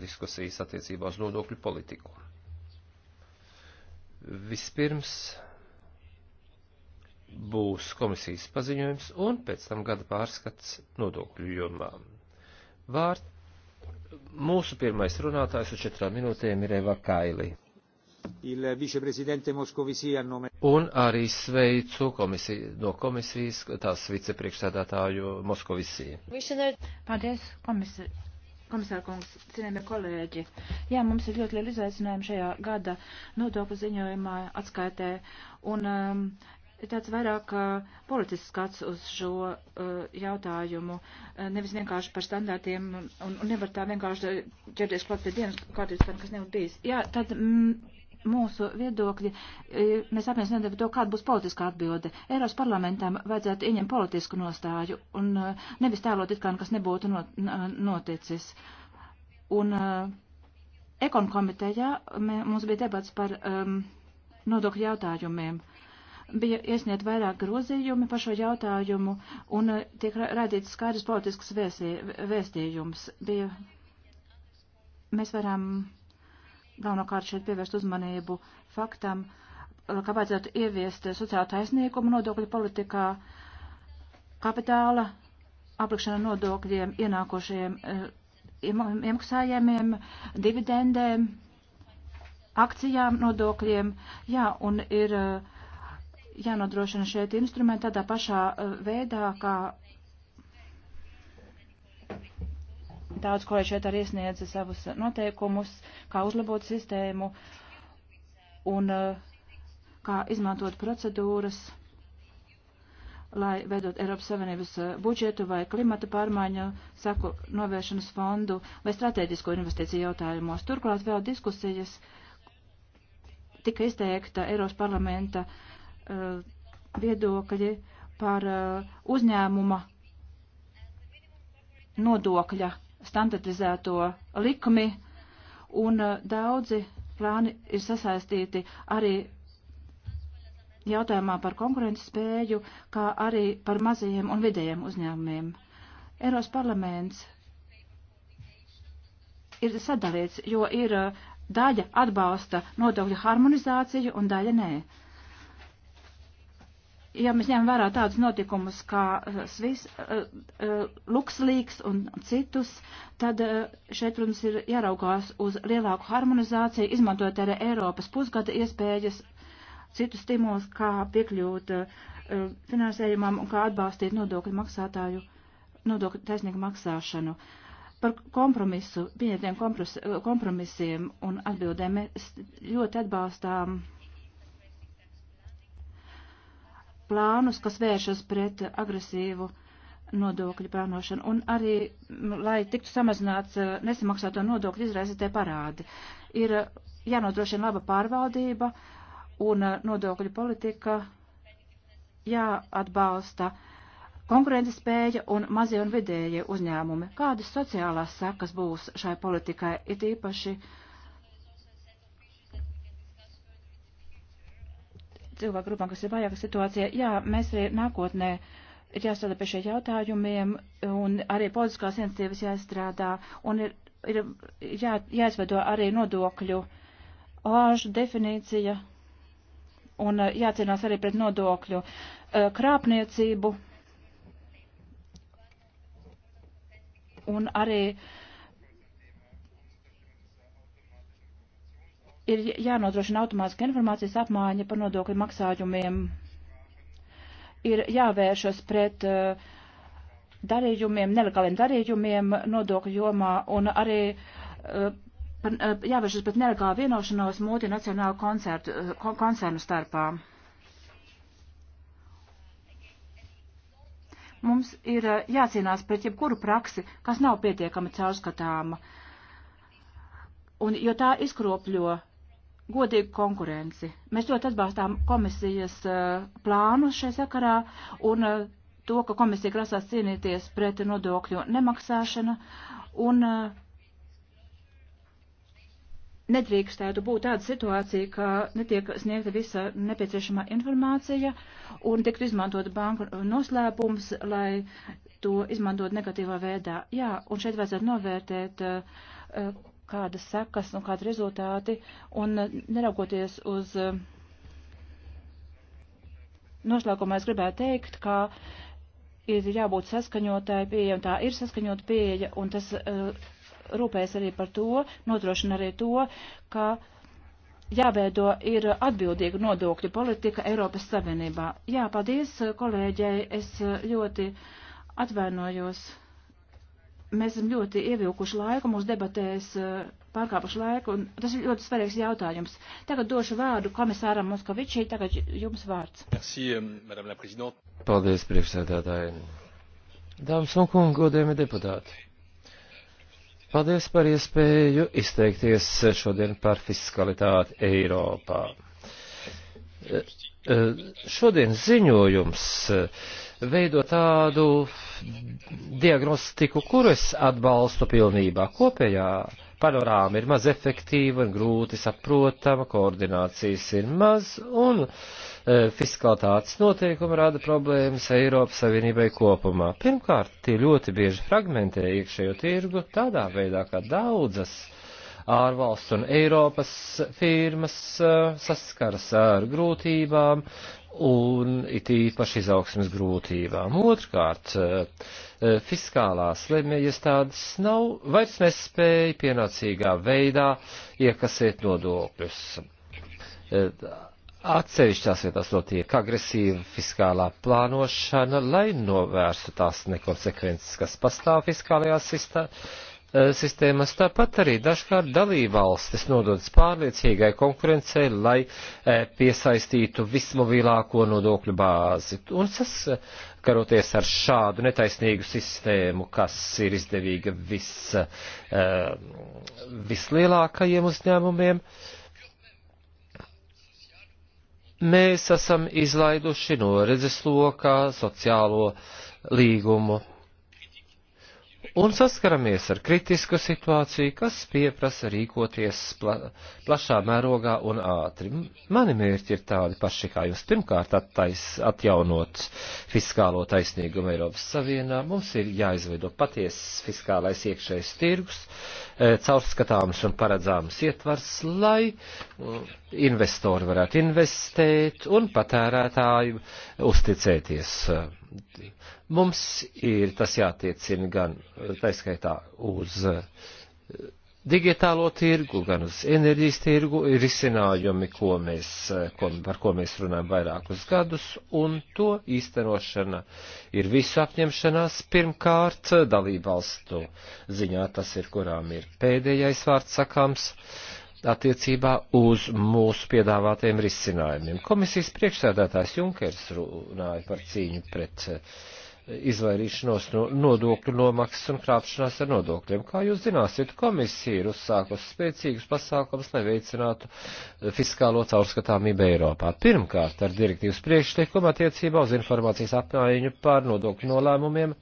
diskusijas attiecībā uz nodokļu politiku. Vispirms būs komisijas paziņojums un pēc tam gada pārskats nodokļu jomā. Vārds mūsu pirmais runātājs uz četrām minūtēm ir Eva Kaili. Nome... Un arī sveicu komisiju, no komisijas tās vicepriekšsēdētāju Moskovisī. Paldies, komisija Komisārkungs, cienījamie kolēģi, jā, mums ir ļoti liela izaicinājuma šajā gada nodokļu ziņojumā atskaitē, un um, ir tāds vairāk uh, politisks skats uz šo uh, jautājumu, uh, nevis vienkārši par standārtiem, un, un nevar tā vienkārši ķerties klāt pie dienas kārtības, kas nebūtu bijis. Jā, tad mm, mūsu viedokļi, e, mēs apmierinām par to, kāda būs politiskā atbilde. Eiros parlamentam vajadzētu ieņemt politisku nostāju un e, nevis tēlot it kā nekas nebūtu not, e, noticis. Un ekon komitejā mums bija debats par um, nodokļu jautājumiem. Bija iesniegt vairāk grozījumi par šo jautājumu un tiek raidīts skaidrs politisks vēstījums. Bija, mēs varam galvenokārt šeit pievērst uzmanību faktam, ka vajadzētu ieviest sociālo taisnīgumu nodokļu politikā, kapitāla aplikšana nodokļiem, ienākošajiem eh, iemaksājumiem, dividendēm, akcijām, nodokļiem. Jā, un ir eh, jānodrošina šeit instrumenti tādā pašā eh, veidā, kā Daudz ko šeit arī iesniedza savus noteikumus, kā uzlabot sistēmu un eh, kā izmantot procedūras, lai veidot Eiropas Savienības eh, budžetu vai klimata pārmaiņu saku novēršanas fondu vai strateģisko investīciju jautājumos. Turklāt vēl diskusijas tika izteikta Eiropas parlamenta uh, viedokļi par uh, uzņēmuma nodokļa standartizēto likumi, un uh, daudzi plāni ir sasaistīti arī jautājumā par konkurences spēju, kā arī par mazajiem un vidējiem uzņēmumiem. Eiros parlaments ir sadalīts, jo ir uh, daļa atbalsta nodokļu harmonizāciju un daļa nē. Uh, ja mēs ņemam vērā tādus notikumus kā eh, Swiss, uh, eh, uh, eh, Luxlīks un citus, tad uh, šeit, protams, ir jāraugās uz lielāku harmonizāciju, izmantojot arī Eiropas pusgada iespējas, citus stimulus, kā piekļūt finansējumam un kā atbalstīt nodokļu maksātāju, nodokļu taisnīgu maksāšanu. Par kompromisu, pieņemtiem kompromisiem un atbildēm mēs ļoti atbalstām uh, plānus, kas vēršas pret agresīvu nodokļu plānošanu un arī, lai tiktu samazināts eh, nesamaksāto nodokļu izraisītie parādi. Ir eh, jānodrošina laba pārvaldība un eh, nodokļu politika jāatbalsta konkurences spēja un mazie un vidējie uzņēmumi. Kādas sociālās sekas būs šai politikai, it īpaši uh, cilvēku grupām, kas ir vājāka situācija. Jā, mēs arī nākotnē ir jāstrādā pie šie jautājumiem un arī politiskās iniciatīvas jāstrādā un ir, ir jā, jāizveido arī nodokļu āžu definīcija un uh, jācīnās arī pret nodokļu uh, krāpniecību un arī uh, ir jānodrošina automātiska informācijas apmaiņa par nodokļu maksājumiem, ir jāvēršas pret uh, darījumiem, nelegāliem darījumiem nodokļu jomā un arī uh, par, uh, jāvēršas pret nelegālu vienošanos multinacionālu koncertu, uh, kon koncernu starpā. Mums ir uh, jācīnās pret jebkuru praksi, kas nav pietiekami caurskatāma, un jo tā izkropļo godīgu konkurenci. Mēs ļoti atbalstām komisijas uh, eh, plānus šai sakarā un uh, to, ka komisija grasās cīnīties pret nodokļu nemaksāšanu un uh, nedrīkstētu būt tāda situācija, ka netiek sniegta visa nepieciešamā informācija un tiktu izmantot banku noslēpums, lai to izmantot negatīvā veidā. Jā, un šeit vajadzētu novērtēt, kādas sekas un kādi rezultāti, un eh, neraugoties uz eh, noslēgumā es gribētu teikt, ka ir jābūt saskaņotāji pieeja, un tā ir saskaņota pieeja, un tas uh, eh, rūpējas arī par to, nodrošina arī to, ka jāveido ir atbildīga nodokļu politika Eiropas Savienībā. Jā, paldies kolēģei, es ļoti atvainojos. Mēs esam ļoti ievilkuši laiku, mūsu debatēs eh, pārkāpuši laiku, un tas ir ļoti svarīgs jautājums. Tagad došu vārdu komisāram Moskavičī, tagad jums vārds. Merci, eh, madame la prezidente. Paldies, priekšsēdētāji. Dāmas un kungi, godējumi deputāti. Paldies par iespēju izteikties šodien par fiskalitāti Eiropā šodien ziņojums eh, veido tādu diagnostiku, kuru es atbalstu pilnībā. Kopējā panorāma ir maz efektīva un grūti saprotama, koordinācijas ir maz un eh, fiskalitātes noteikumi rada problēmas Eiropas Savienībai kopumā. Pirmkārt, tie ļoti bieži fragmentē iekšējo tirgu tādā veidā, ka daudzas ārvalstu un Eiropas firmas saskaras ar grūtībām un it īpaši izaugsmas grūtībām. Otrkārt, fiskālās lemjiestādes nav vairs nespēja pienācīgā veidā iekasēt nodokļus atsevišķās vietās notiek agresīva fiskālā plānošana, lai novērstu tās nekonsekvences, kas pastāv fiskālajā sistēmā Eh, sistēmas. Tāpat arī dažkārt dalībvalstis nododas pārliecīgai konkurencei, lai eh, piesaistītu vismobilāko nodokļu bāzi. Un saskaroties ar šādu netaisnīgu sistēmu, kas ir izdevīga vis, eh, vislielākajiem uzņēmumiem, mēs esam izlaiduši no redzes lokā sociālo līgumu un saskaramies ar kritisku situāciju, kas pieprasa rīkoties pla plašā mērogā un ātri. Mani mērķi ir tādi paši kā jūs. Pirmkārt, attais, atjaunot fiskālo taisnīgumu Eiropas Savienā, mums ir jāizveido patiesas fiskālais iekšējais tirgus, e, caurskatāms un paredzāms ietvars, lai investori varētu investēt un patērētāju uzticēties e, Mums ir tas jātiecina gan taiskaitā uz eh, digitālo tirgu, gan uz enerģijas tirgu, ir izcinājumi, ko mēs, eh, ko, par ko mēs runājam vairākus gadus, un to īstenošana ir visu apņemšanās pirmkārt dalībvalstu ziņā, tas ir kurām ir pēdējais vārds sakāms, attiecībā uz mūsu piedāvātajiem risinājumiem. Komisijas priekšsēdētājs Junkers runāja par cīņu pret eh, izvairīšanos no nodokļu nomaksas un krāpšanās ar nodokļiem. Kā jūs zināsiet, komisija ir uzsākusi spēcīgus pasākumus, lai veicinātu eh, fiskālo caurskatāmību Eiropā. Pirmkārt, ar direktīvas priekšteikumu attiecībā uz informācijas apmaiņu par nodokļu nolēmumiem.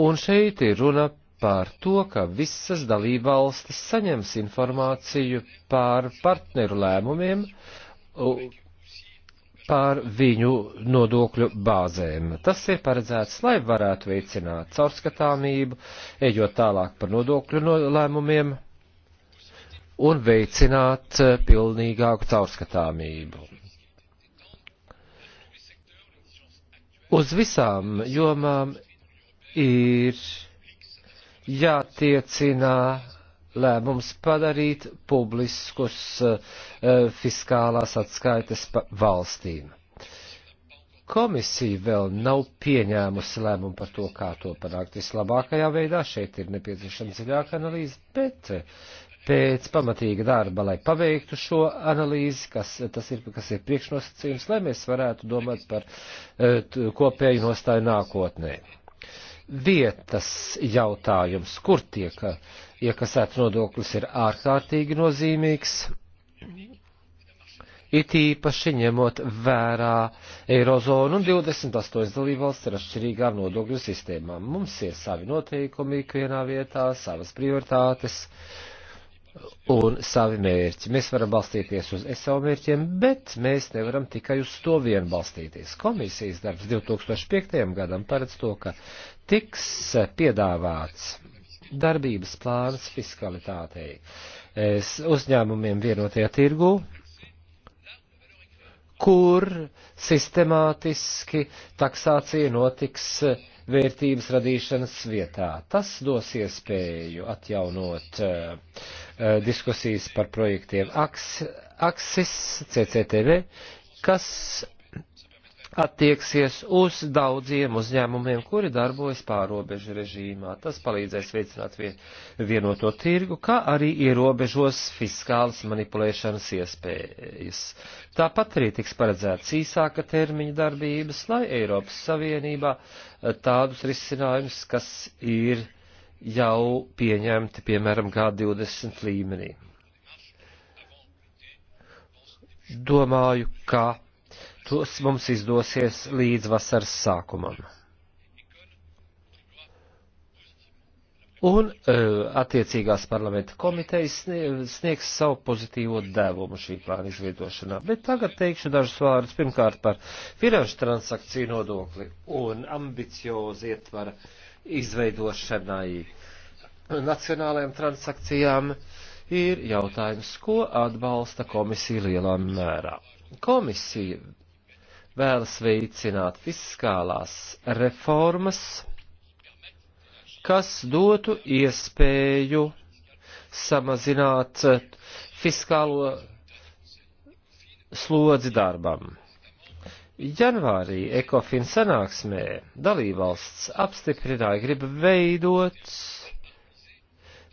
Un šeit ir runa par to, ka visas dalībvalstis saņems informāciju par partneru lēmumiem, par viņu nodokļu bāzēm. Tas ir paredzēts, lai varētu veicināt caurskatāmību, ejot tālāk par nodokļu no lēmumiem un veicināt e, pilnīgāku caurskatāmību. Uz visām jomām ir jātiecina lēmums padarīt publiskus eh, fiskālās atskaites valstīm. Komisija vēl nav pieņēmusi lēmumu par to, kā to panākt vislabākajā veidā. Šeit ir nepieciešama dziļāka analīze, bet eh, pēc pamatīga darba, lai paveiktu šo analīzi, kas, tas ir, kas ir priekšnosacījums, lai mēs varētu domāt par eh, t, kopēju nostāju nākotnē vietas jautājums, kur tiek iekasēt nodoklis, ir ārkārtīgi nozīmīgs. It īpaši ņemot vērā Eirozonu un 28 dalībvalsts ar atšķirīgām nodokļu sistēmām. Mums ir savi noteikumi ikvienā vietā, savas prioritātes un savi mērķi. Mēs varam balstīties uz SAO mērķiem, bet mēs nevaram tikai uz to vien balstīties. Komisijas darbs 2005. gadam paredz to, ka tiks piedāvāts darbības plāns fiskalitātei es, uzņēmumiem vienotajā tirgū, kur sistemātiski taksācija notiks vērtības radīšanas vietā. Tas dos iespēju atjaunot uh, diskusijas par projektiem AXIS, CCTV, kas attieksies uz daudziem uzņēmumiem, kuri darbojas pārobežu režīmā. Tas palīdzēs veicināt vienoto tirgu, kā arī ierobežos fiskālas manipulēšanas iespējas. Tāpat arī tiks paredzēts īsāka termiņa darbības, lai Eiropas Savienībā eh, tādus risinājumus, kas ir jau pieņemti, piemēram, G20 līmenī. Domāju, ka tos mums izdosies līdz vasaras sākumam. Un e, attiecīgās parlamenta komitejas sniegs savu pozitīvo devumu šī plāna izveidošanā. Bet tagad teikšu dažus vārdus pirmkārt par finanšu transakciju nodokli un ambiciozu ietvara izveidošanai nacionālajām transakcijām ir jautājums, ko atbalsta komisija lielā mērā. Komisija vēlas veicināt fiskālās reformas, kas dotu iespēju samazināt fiskālo slodzi darbam. Janvārī Ekofin sanāksmē dalībvalsts apstiprināja grib veidot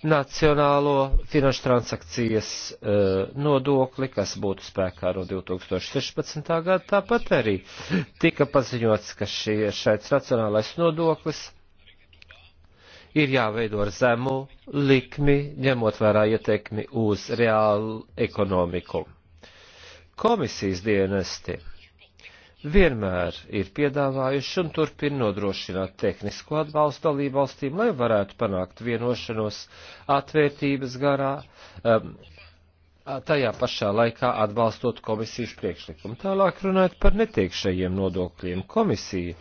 nacionālo finanšu transakcijas uh, nodokli, kas būtu spēkā no 2016. gada. Tāpat arī tika paziņots, ka šie, šeit nacionālais nodoklis ir jāveido ar zemu likmi, ņemot vērā ietekmi uz reālu ekonomiku. Komisijas dienesti vienmēr ir piedāvājuši un turpina nodrošināt tehnisko atbalstu dalībvalstīm, lai varētu panākt vienošanos atvērtības garā, um, tajā pašā laikā atbalstot komisijas priekšlikumu. Tālāk runājot par netiekšajiem nodokļiem, komisija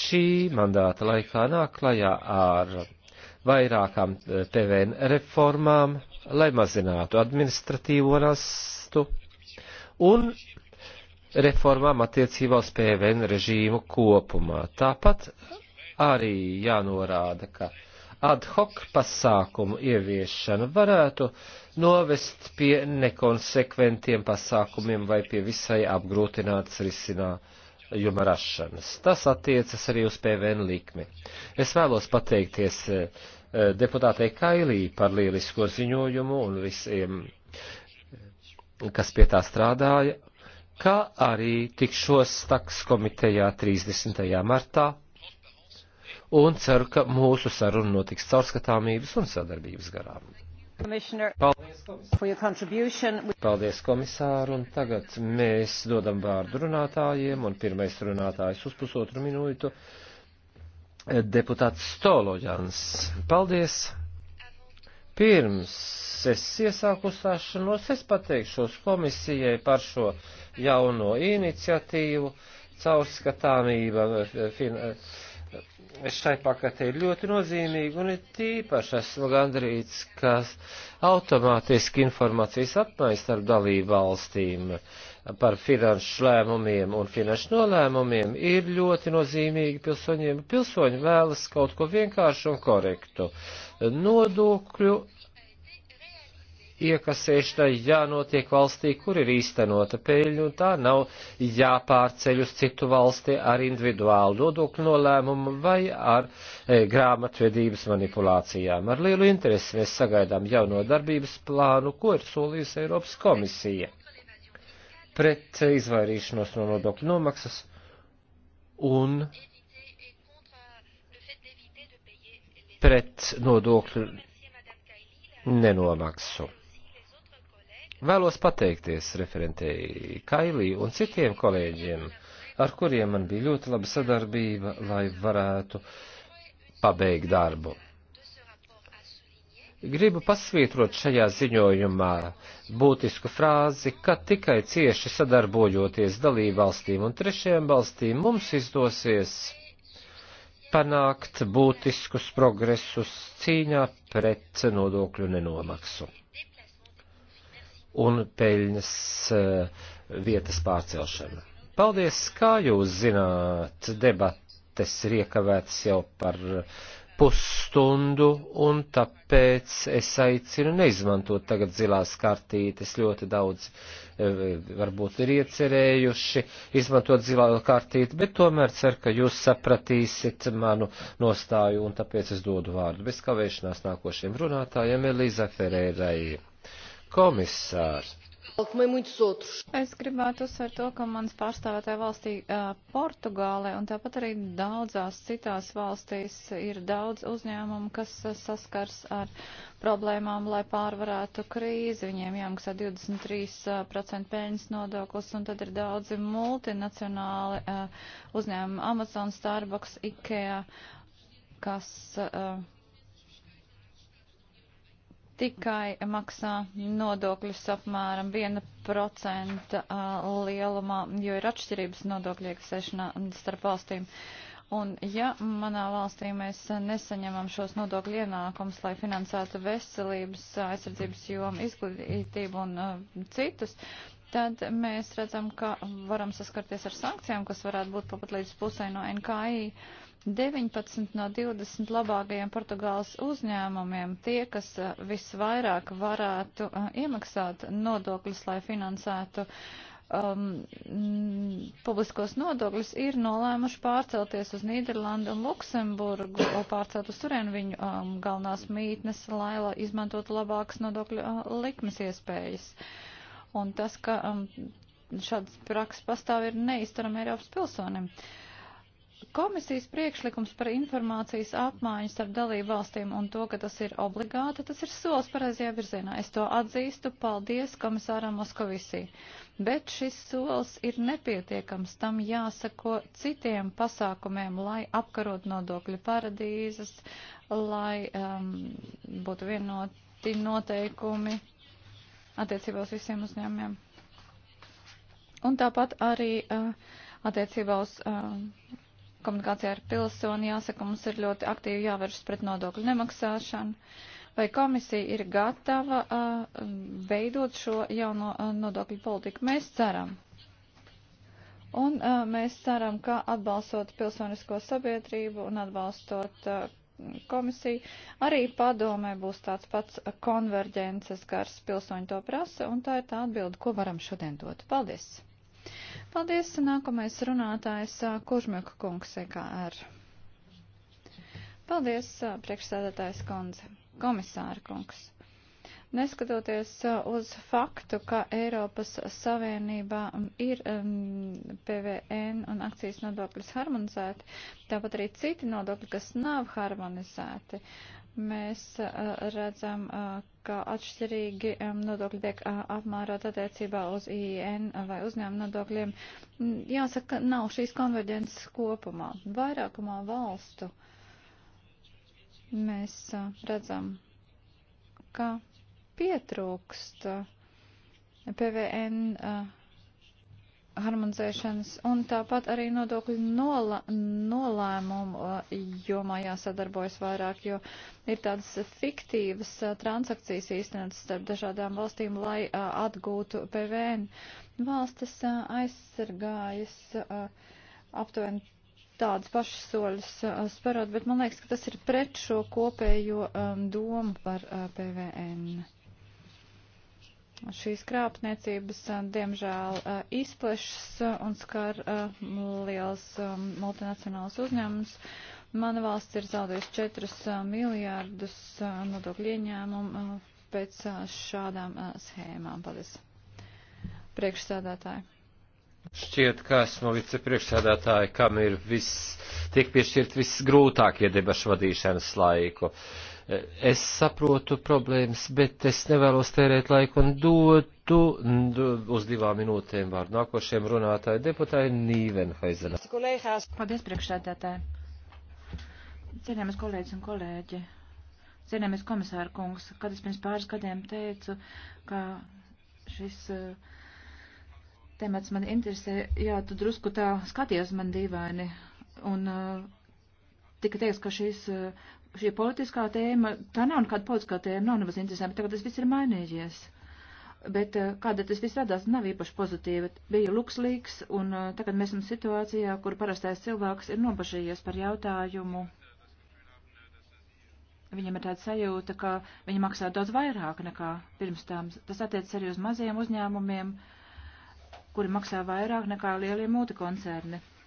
šī mandāta laikā nāk klajā ar vairākām eh, PVN reformām, lai mazinātu administratīvo rastu un reformām attiecībā uz PVN režīmu kopumā. Tāpat arī jānorāda, ka ad hoc pasākumu ieviešana varētu novest pie nekonsekventiem pasākumiem vai pie visai apgrūtinātas risinājuma rašanas. Tas attiecas arī uz PVN likmi. Es vēlos pateikties eh, deputātei Kailī par lielisko ziņojumu un visiem, kas pie tā strādāja, kā arī tikšos staks komitejā 30. martā un ceru, ka mūsu saruna notiks caurskatāmības un sadarbības garām. Paldies, komisār. Paldies komisāru, un tagad mēs dodam vārdu runātājiem, un pirmais runātājs uz pusotru minūtu deputāts Stoloģans. Paldies! Pirms es iesāku uzstāšanos, es pateikšos komisijai par šo jauno iniciatīvu, caurskatāmība eh, fin, eh, šai pakatē ir ļoti nozīmīga un ir tīpaši esmu gandrīz, ka automātiski informācijas apmaiņas starp dalību valstīm uh, par finanšu lēmumiem un finanšu nolēmumiem ir ļoti nozīmīgi pilsoņiem. Pilsoņi vēlas kaut ko vienkāršu un korektu. Nodokļu iekasēšanai jānotiek valstī, kur ir īstenota peļņa, un tā nav jāpārceļ uz citu valsti ar individuālu nodokļu nolēmumu vai ar e, grāmatvedības manipulācijām. Ar lielu interesi mēs sagaidām jauno darbības plānu, ko ir solījusi Eiropas komisija pret izvairīšanos no nodokļu nomaksas un pret nodokļu nenomaksu. Vēlos pateikties referentei Kailī un citiem kolēģiem, ar kuriem man bija ļoti laba sadarbība, lai varētu pabeigt darbu. Gribu pasvītrot šajā ziņojumā būtisku frāzi, ka tikai cieši sadarbojoties dalībvalstīm un trešajām valstīm mums izdosies panākt būtiskus progresus cīņā pret nodokļu nenomaksu un peļņas eh, vietas pārcelšanu. Paldies, kā jūs zināt, debates ir iekavētas jau par uh, pusstundu, un tāpēc es aicinu neizmantot tagad zilās kartītes. Ļoti daudz e, varbūt ir iecerējuši izmantot zilā kartīti, bet tomēr ceru, ka jūs sapratīsit manu nostāju, un tāpēc es dodu vārdu bez kavēšanās nākošiem runātājiem Elīza Ferērai. Komisārs Es gribētu uzsvērt to, ka mans pārstāvētāja valstī Portugālē un tāpat arī daudzās citās valstīs ir daudz uzņēmumu, kas saskars ar problēmām, lai pārvarētu krīzi. Viņiem jāmaksā 23% peļņas nodoklis un tad ir daudzi multinacionāli uzņēmumi Amazon, Starbucks, IKEA, kas. Uh, tikai maksā nodokļus apmēram 1% lielumā, jo ir atšķirības nodokļu iekasēšanā starp valstīm. Un ja manā valstī mēs nesaņemam šos nodokļu ienākumus, lai finansētu veselības, aizsardzības jomu, izglītību un uh, citus, tad mēs redzam, ka varam saskarties ar sankcijām, kas varētu būt pat līdz pusē no NKI. Uh, 19 no 20 labākajiem Portugāles uzņēmumiem tie, kas eh, visvairāk varētu eh, iemaksāt nodokļus, lai finansētu um, publiskos nodokļus, ir nolēmuši pārcelties uz Nīderlandu un Luksemburgu, pārcelt uz turien viņu um, galvenās mītnes, lai, lai izmantotu labākas nodokļu uh, likmes iespējas. Un tas, ka um, šāds praks pastāv, ir neizturam Eiropas pilsonim. Uh, Komisijas priekšlikums par informācijas apmaiņu starp dalību valstīm un to, ka tas ir obligāti, tas ir solis pareizajā virzienā. Es to atzīstu, paldies komisāram Moskovisī. Bet šis solis ir nepietiekams, tam jāsako citiem pasākumiem, lai apkarot nodokļu paradīzes, lai um, būtu vienoti noteikumi attiecībā uz visiem uzņēmumiem. Un tāpat arī uh, attiecībā uz. Uh, komunikācijā ar pilsoni jāsaka, mums ir ļoti aktīvi jāvēršas pret nodokļu nemaksāšanu. Vai komisija ir gatava veidot šo jauno nodokļu politiku? Mēs ceram. Un mēs ceram, ka atbalstot pilsonisko sabiedrību un atbalstot komisiju, arī padomē būs tāds pats konverģences gars pilsoņu to prasa, un tā ir tā atbilde, ko varam šodien dot. Paldies! Paldies, nākamais runātājs Kužmeka kungs, EKR. Paldies, priekšsēdētājs kundze, komisāra kungs. Neskatoties uz faktu, ka Eiropas Savienībā um, ir um, PVN un akcijas nodokļas harmonizēti, tāpat arī citi nodokļi, kas nav harmonizēti, uh, Mēs redzam, ka atšķirīgi nodokļi tiek apmērot attiecībā uz IN vai uzņēmuma nodokļiem. Jāsaka, nav šīs konverģences kopumā. Vairākumā valstu mēs redzam, ka pietrūkst PVN harmonizēšanas un tāpat arī nodokļu nola, nolēmumu uh, jomā jāsadarbojas vairāk, jo ir tādas fiktīvas uh, transakcijas īstenotas starp dažādām valstīm, lai uh, atgūtu PVN. Valstis aizsargājas aptuveni tādas pašas soļas sparot, bet man liekas, ka tas ir pret šo kopējo um, domu par PVN. Šīs krāpniecības, eh, diemžēl, eh, izplešas eh, un skar liels multinacionāls uzņēmums. Mana valsts ir zaudējusi 4 miljārdus nodokļu ieņēmumu pēc šādām schēmām. Paldies. Priekšsēdētāji. Šķiet, ka esmu vicepriekšsēdētāji, kam ir viss, tiek piešķirt viss grūtākie debašu vadīšanas laiku. Uh, Es saprotu problēmas, bet es nevēlos tērēt laiku un dotu uz divām minūtēm vārdu nākošiem runātāju deputāju Nīvenhaizenam. Paldies, priekšsēdētāji. Cienījamies kolēģis un kolēģi. Cienījamies komisāra kungs, kad es pirms pāris gadiem teicu, ka šis uh, temats man interesē, jā, tu drusku tā skaties man dīvaini, un uh, tika teiks, ka šīs uh, eh, šī politiskā tēma, tā nav nekāda politiskā tēma, nav nemaz interesanta, tagad tas viss ir mainījies. Bet eh, kāda tas viss radās, nav īpaši pozitīva. Bija luksulīgs, un eh, tagad mēs esam situācijā, kur parastais cilvēks ir nobažījies par jautājumu. Viņam ir tāda sajūta, ka viņi maksā daudz vairāk nekā pirms tam. Tas attiecas arī uz maziem uzņēmumiem, kuri maksā vairāk nekā lielie multikoncerni. koncerni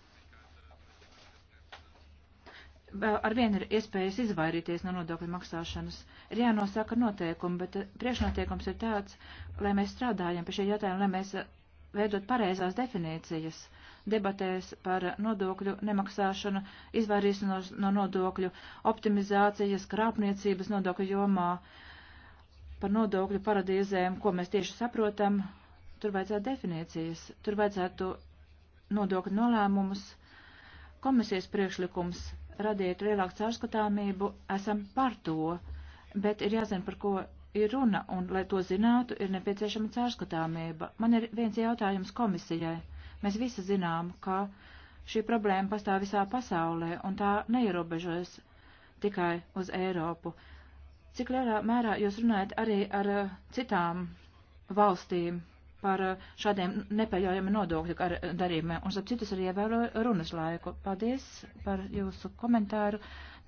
ar vienu ir iespējas izvairīties no nodokļu maksāšanas. Ir jānosaka noteikumi, bet eh, priekšnoteikums ir tāds, lai mēs strādājam pie šī jautājuma, lai mēs eh, veidot pareizās definīcijas debatēs par nodokļu nemaksāšanu, izvairīšanos no nodokļu optimizācijas, krāpniecības nodokļu jomā, par nodokļu paradīzēm, ko mēs tieši saprotam. Tur vajadzētu definīcijas, tur vajadzētu nodokļu nolēmumus. Komisijas priekšlikums radītu lielāku caurskatāmību, esam par to, bet ir jāzina, par ko ir runa, un, lai to zinātu, ir nepieciešama caurskatāmība. Man ir viens jautājums komisijai. Mēs visi zinām, ka šī problēma pastāv visā pasaulē, un tā neierobežojas tikai uz Eiropu. Cik lielā mērā jūs runājat arī ar eh, citām valstīm, par eh, šādiem nepieļaujami nodokļu darījumiem. Un, starp citu, arī ievēroju runas laiku. Paldies par jūsu komentāru.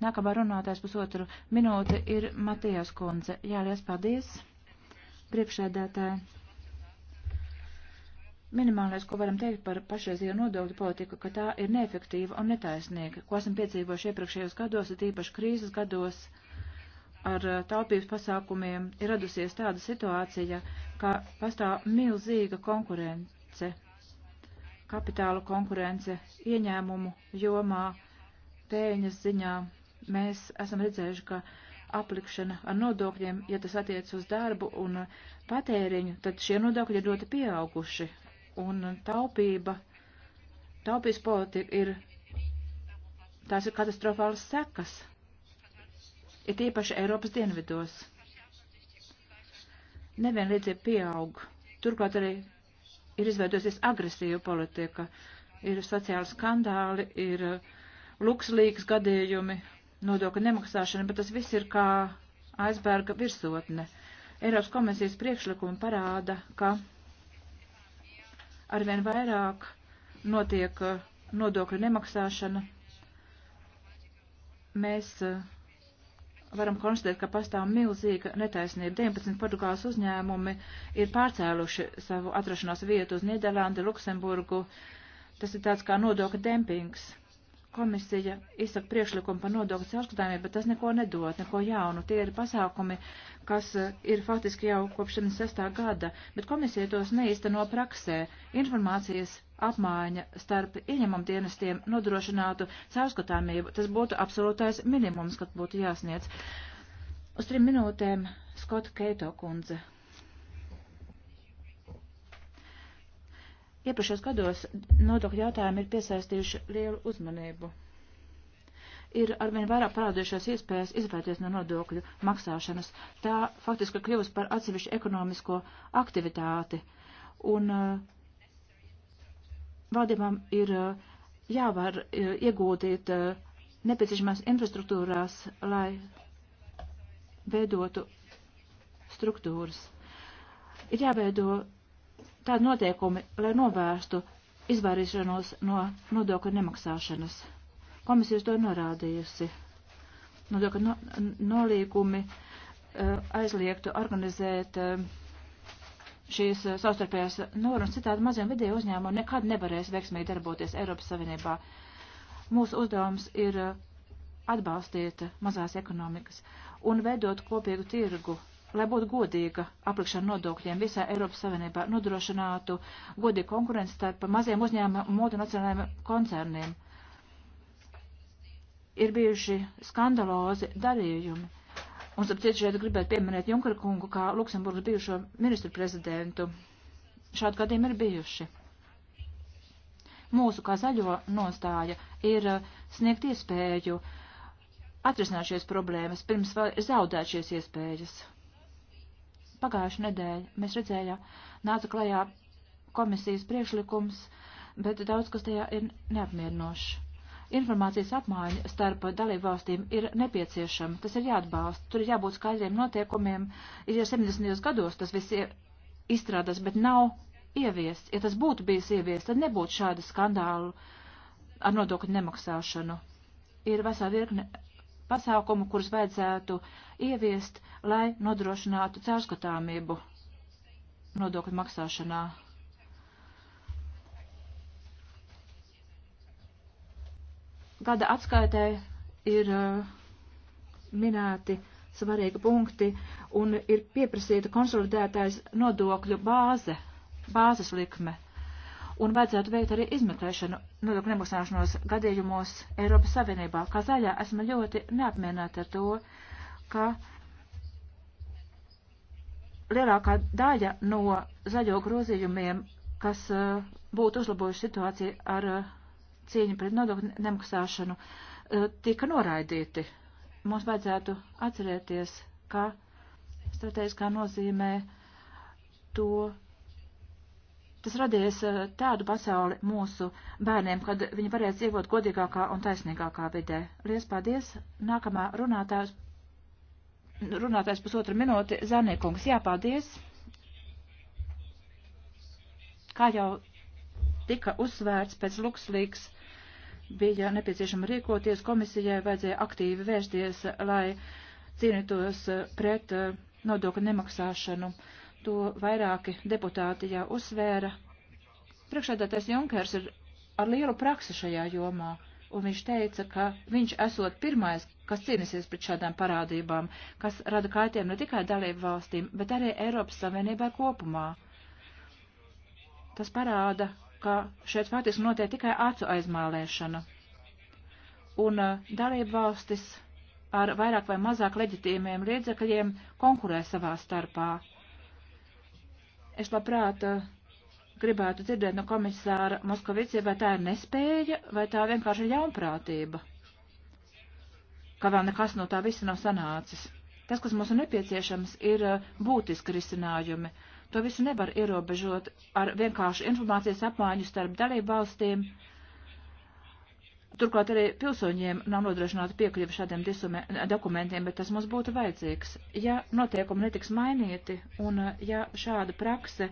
Nākamā runātājs pusotru minūte ir Matijas kundze. Jā, liels paldies. Priekšēdētāji. Minimālais, ko varam teikt par pašreizējo nodokļu politiku, ka tā ir neefektīva un netaisnīga, ko esam piedzīvojuši iepriekšējos gados, ir tīpaši krīzes gados ar eh, taupības pasākumiem, ir radusies tāda situācija, uh, ka pastāv milzīga konkurence, kapitāla konkurence ieņēmumu jomā, pēļņas ziņā. Mēs esam redzējuši, ka aplikšana ar nodokļiem, ja tas attiec uz darbu un patēriņu, tad šie nodokļi ir ļoti pieauguši. Un taupība, taupības politika ir, tās ir katastrofālas sekas, ir tīpaši Eiropas dienvidos nevienlīdzība pieaug. Turklāt arī ir izveidojusies agresīva politika, ir sociāli skandāli, ir uh, luksulīgs gadījumi, nodokļu nemaksāšana, bet tas viss ir kā aizberga virsotne. Eiropas komisijas priekšlikumi parāda, ka arvien vairāk notiek uh, nodokļu nemaksāšana. Mēs uh, varam konstatēt, ka pastāv milzīga netaisnība. 19 portugāles uzņēmumi ir pārcēluši savu atrašanās vietu uz Nīderlandi, Luksemburgu. Tas ir tāds kā nodokļa dempings komisija izsaka priekšlikumu par nodokļu caurskatāmību, bet tas neko nedod, neko jaunu. Tie ir pasākumi, kas eh, ir faktiski jau kopš 76. gada, bet komisija tos neīsteno praksē. Informācijas apmaiņa starp ieņemam dienestiem nodrošinātu caurskatāmību. Tas būtu absolūtais minimums, kad būtu jāsniedz. Uz trim minūtēm Skota Keito kundze. Iepriekšējos gados nodokļu jautājumi ir piesaistījuši lielu uzmanību. Ir arvien vairāk parādījušās iespējas izvērties no nodokļu maksāšanas. Tā faktiski kļuvusi par atsevišķu ekonomisko aktivitāti. Un uh, valdībām ir uh, jāvar uh, iegūtīt uh, nepieciešamās infrastruktūrās, lai veidotu struktūras. Ir jāveido tādi noteikumi, lai novērstu izvairīšanos no nodokļu nemaksāšanas. Komisijas to norādījusi. Nodokļu no, nolīgumi eh, aizliegtu organizēt eh, šīs eh, savstarpējās norunas, citādi maziem vidēju uzņēmumu nekad nevarēs veiksmīgi darboties Eiropas Savienībā. Mūsu uzdevums ir atbalstīt mazās ekonomikas un veidot kopīgu tirgu lai būtu godīga aplikšana nodokļiem visā Eiropas Savienībā, nodrošinātu godīgu konkurenci starp maziem uzņēmumiem, multinacionālajiem koncerniem. Ir bijuši skandalozi darījumi. Un, starp citu, šeit gribētu pieminēt Junkara kungu kā Luksemburgas bijušo ministru prezidentu. Šādi gadījumi ir bijuši. Mūsu kā zaļo nostāja ir uh, sniegt iespēju atrisināt šīs problēmas, pirms var zaudēt šīs iespējas. Pagājuši nedēļa mēs redzēja, nāca klajā komisijas priekšlikums, bet daudz kas tajā ir neapmierinošs. Informācijas apmaiņa starp dalībvalstīm ir nepieciešama, tas ir jāatbalsta, tur ir jābūt skaidriem notiekumiem, ir jau 70. gados tas viss izstrādās, bet nav ieviests. Ja tas būtu bijis ieviests, tad nebūtu šādu skandālu ar nodokļu nemaksāšanu. Ir vesā virkne pasākumu, kurus vajadzētu ieviest, lai nodrošinātu caurskatāmību nodokļu maksāšanā. Gada atskaitē ir uh, minēti svarīgi punkti un ir pieprasīta konsolidētais nodokļu bāze, bāzes likme un vajadzētu veikt arī izmeklēšanu nodokļu nemaksāšanos gadījumos Eiropas Savienībā. Kā zaļā esmu ļoti neapmierināta ar to, ka lielākā daļa no zaļo grozījumiem, kas uh, būtu uzlabojuši situāciju ar uh, cīņu pret nodokļu nemaksāšanu, uh, tika noraidīti. Mums vajadzētu atcerēties, ka strateģiskā nozīmē to tas radies eh, tādu pasauli mūsu bērniem, kad viņi varēs dzīvot godīgākā un taisnīgākā vidē. Lies paldies! Nākamā runātājs, runātājs pusotra minūte, Zanīkungs. Jā, paldies! Kā jau tika uzsvērts pēc Luxlīks, bija nepieciešama rīkoties, komisijai vajadzēja aktīvi vērsties, lai cīnītos eh, pret eh, nodokļu nemaksāšanu. Uh, To vairāki deputāti jau uzsvēra. Priekšādātais Junkers ir ar lielu praksi šajā jomā, un viņš teica, ka viņš esot pirmais, kas cīnīsies pret šādām parādībām, kas rada kaitējumu ne tikai dalību valstīm, bet arī Eiropas Savienībai kopumā. Tas parāda, ka šeit faktiski notiek tikai acu aizmālēšana. Un uh, dalību valstis ar vairāk vai mazāk leģitīmiem līdzekļiem konkurē savā starpā. Es labprāt eh, gribētu dzirdēt no komisāra Moskavici, vai tā ir nespēja, vai tā vienkārši ir ļaunprātība, ka vēl nekas no tā visa nav sanācis. Tas, kas mums ir nepieciešams, ir eh, būtiski risinājumi. To visu nevar ierobežot ar vienkāršu informācijas apmaiņu starp dalību valstīm. Uh, Turklāt arī pilsoņiem nav nodrošināta piekļuva šādiem dokumentiem, bet tas mums būtu vajadzīgs. Ja notiekumi netiks mainīti un eh, ja šāda prakse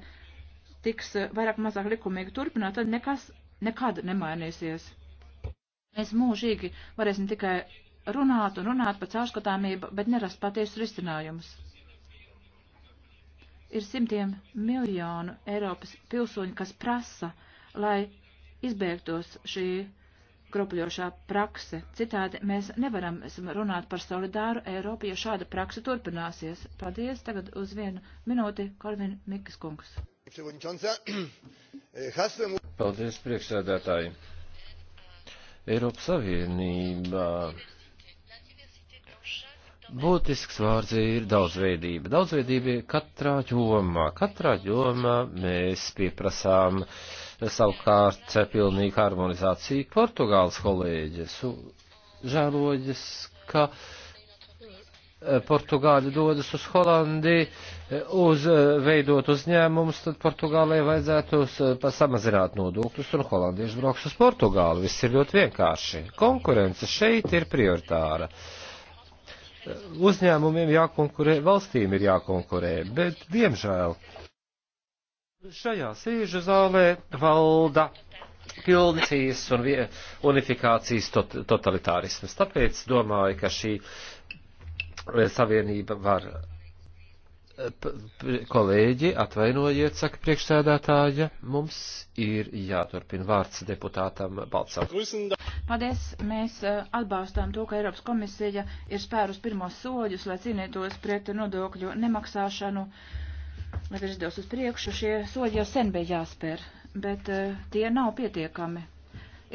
tiks eh, vairāk mazāk likumīgi turpināt, tad nekas nekad nemainīsies. Mēs mūžīgi varēsim tikai runāt un runāt par caurskatāmību, bet nerast patiesus risinājumus. Ir simtiem miljonu Eiropas pilsoņu, kas prasa, lai izbēgtos šī kropļošā prakse. Citādi mēs nevaram runāt par solidāru Eiropu, ja šāda prakse turpināsies. Paldies. Tagad uz vienu minūti Korvin Mikas kungs. Paldies, priekšsēdētāji. Eiropas Savienībā būtisks vārds ir daudzveidība. Daudzveidība ir katrā jomā. Katrā jomā mēs pieprasām uh, savukārt eh, pilnīgu harmonizāciju Portugāles kolēģis žēloģis, ka eh, Portugāļi dodas uz Holandi, eh, uz veidot uzņēmumus, tad Portugālē vajadzētu samazināt nodokļus un holandieši brauks uz Portugāli. Viss ir ļoti vienkārši. Konkurence šeit ir prioritāra. Uzņēmumiem jākonkurē, valstīm ir jākonkurē, bet diemžēl Šajā sēžu zālē valda pilnīcijas un unifikācijas tot, totalitārismas. Tāpēc domāju, ka šī eh, savienība var. Eh, kolēģi, atvainojiet, saka priekšsēdētāja, mums ir jāturpina vārds deputātam Balcam. Paldies, mēs eh, atbalstām to, ka Eiropas komisija ir spērus pirmos soļus, lai cīnītos pret nodokļu nemaksāšanu. Uh, lai virzītos uz priekšu. Šie soļi jau sen bija jāspēr, bet uh, tie nav pietiekami.